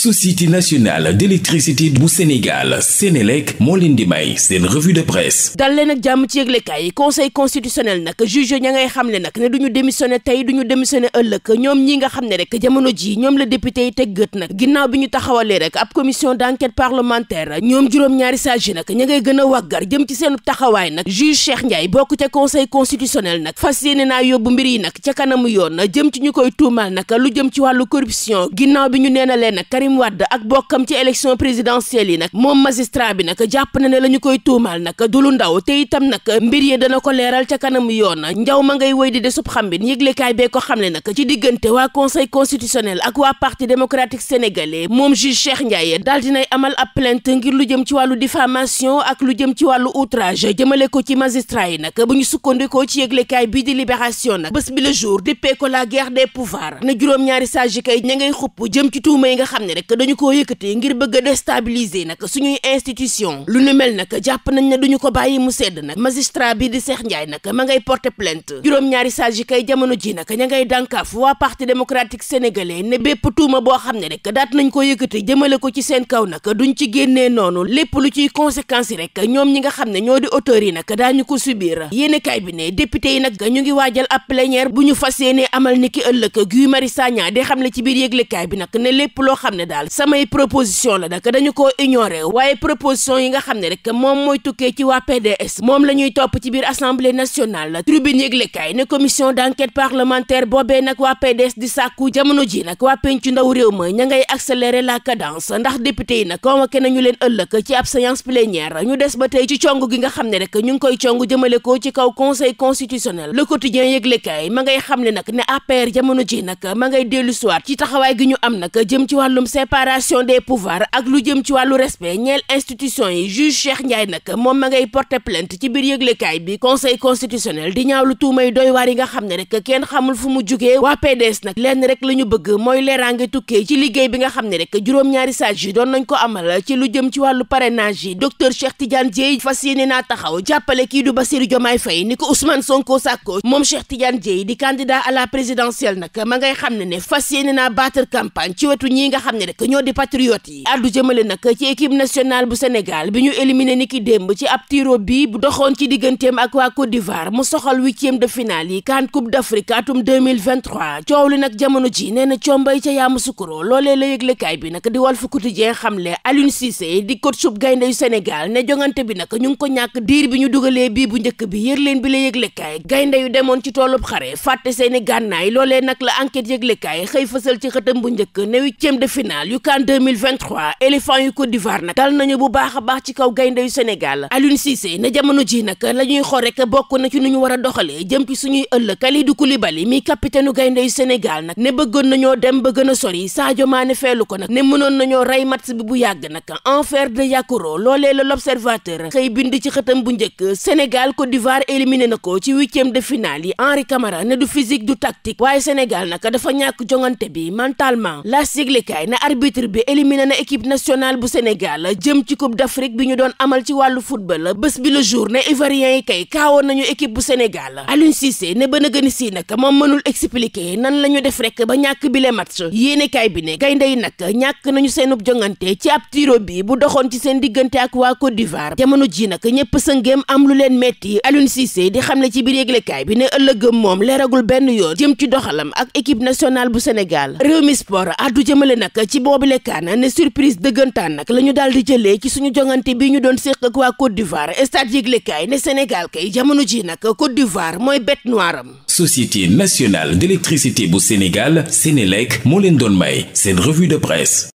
société nationale d'électricité bu Sénégal Sénélec moo leen di may seen revue de presse dal leen ak jàmm ci yëglekaay yi conseil constitutionnel nag juge ñoom la député yi bi ñu taxawalee rek ab commission d'enquête parlementaire ñoom juróom-ñaari sage yi nag ña ngay gën a wàggar jëm ci seen taxawaay nag juge Cheikh Ndiaye bokk ca conseil constitutionnel nag fas yéene naa yóbbu mbir yi nag ca kanamu yoon jëm ci ñu koy tuumal nag lu jëm ci wàllu corruption ginnaaw bi ñu neenalee nag Karim ak bokkam ci élection présidentielle yi nag moom magistrat bi nag jàpp na ne koy tuumaal nag du ndaw te itam nag mbir dana ko leeral ca kanam yoon njaw ma ngay woy di de sub xam bi yëglekaay bee ko xam ne nag ci diggante waa conseil constitutionnel ak waa parti démocratique sénégalais moom juge Cheikh Ndiaye daal dinay amal ab plainte ngir lu jëm ci wàllu diffamation ak lu jëm ci wàllu outrage jëmale ko ci magistrat yi nag bu rek dañu koo yëkkatee ngir bëgg a lu nu mel nag jàpp nañ ne duñu ko bàyyi mu sedd nag magistrat bi di ma ngay porter ña ngay dànkaaf waa parti démocratique sénégalais ne bépp tuuma boo xam ne rek daat nañ ko yëkkate jëmale ko ci seen kaw nag duñ ci génnee noonu lépp lu ciy conséquences yi rek ñoom ñi nga xam ne ñoo di auteurs yi nag daañu ko subir yéenekaay bi ne député yi nag ñu ngi waajal ab plénière bu ñu fas yéenee amal niki ëllëg Guy Marius Sagna di xam ne ci biir yëglekaay bi nag ne lépp loo xam ne daal samay proposition la nag dañu koo ignoré waaye proposition yi nga xam ne rek moom mooy tukkee ci waa PDS moom la ñuy ci biir assemblée nationale tribune yëglekaay ne commission d' enquête parlementaire boobee nag waa PDS di sàkku jamono ji nag waa pencu ndaw réew ma ña accélérer la cadence ndax député yi nag convoqué nañu leen ëllëg ci ab séance plénière ñu des ba tey ci cong gi nga xam ne rek ñu koy cong jëmale ko ci kaw conseil séparation des pouvoirs ak lu jëm ci wàllu respect ñeel institution yi juge Cheikh Ndiaye nag moom ma ngay porter plainte ci biir yëglekaay bi conseil constitutionnel di ñaawlu tuumay doy waar yi nga xam ne rek kenn xamul fu mu jugee waa PDS nag lenn rek la ñu bëgg mooy leeraange tukkee ci liggéey bi nga xam ne rek juróom-ñaari sage yi doon nañ ko amal ci lu jëm ci wàllu parrainage yi docteur Cheikh Tidiane Dièye fas yéene naa taxaw jàppale kii du Bassirou Diomaye Faye ni ko Ousmane Sonko sàkko moom Cheikh Tidiane Dièye di candidat la présidentielle nag ma ngay xam ne ci wetu ñi nga xam rek ñoo di patriote yi addu jëmale nag ci équipe nationale bu Sénégal bi ñu éliminé ni démb ci ab tiro bi bu doxoon ci digganteem ak waa Côte d'Ivoire mu soxal huitième de finale yi CAN Coupe d'Afrique atum 2023 coow li nag jamono ji nee na combay ca Yamoussoukro loolee la yëglekaay bi nag di Walf Quotidien xamle Aliou Cissé di coach sub gaynde yu Sénégal ne jongante bi nag ñu ngi ko ñàkk diir bi ñu dugalee bii bu njëkk bi yër leen bi la yëglekaay gaynde yu demoon ci toolub xare fàtte seeni gànnaay loolee nag la enquête yëglekaay xëy fësal ci xëtam bu njëkk ne huitième de demi-finale yu CAN 2023 éléphant yu Côte d'Ivoire nag dal nañu bu baax a baax ci kaw gaynde yu Sénégal Aliou Cissé ne jamono ji nag la ñuy xool rek bokk na ci nu ñu war a doxalee jëm ci suñuy ëllëg Kalidou Koulibaly mi capitaine gaynde yu Sénégal nag ne bëggoon nañoo dem ba gën a sori Sadio maane feelu ko nag ne mënoon nañoo rey match bi bu yàgg nag enfer de Yakoro loolee la l'observateur xëy bind ci xëtam bu njëkk senegal Côte d'Ivoire éliminé na ko ci huitième de finale yi Henri Camara ne du physique du tactique waaye Sénégal nag dafa ñàkk jongante bi mentalement la siglekaay na arbitre bi éliminé na équipe nationale bu Sénégal jëm ci coupe d'Afrique bi ñu doon amal ci wàllu football bés bi le jour ne ivoirien yi kay kaawoon nañu équipe bu Sénégal Aliou Cissé ne ba gën sii nag moom mënul expliquer nan la ñu def rek ba ñàkk bi le match yéenekaay bi ne gaynde yi nag ñàkk nañu seenub jongante ci ab tiro bi bu doxoon ci seen diggante ak waa Côte d'Ivoire jamono ji nag ñëpp sëngeem am lu leen metti Aliou Cissé di xam ne ci biir yéglekaay bi ne ëllëgëm moom leeragul benn yoon jëm ci doxalam ak équipe nationale bu Sénégal Rewmi nag ci boobu lekkaan ne surprise dëggantaan nag lañu ñu daal di jëlee ci suñu jongante bi ñu doon séq ak waa Côte d'Ivoire stade yëglekaay ne Sénégal kay jamono ji nag Côte d'Ivoire mooy bête noire am Société nationale d'électricité bu Sénégal Sénélec moo leen doon may seen revue de presse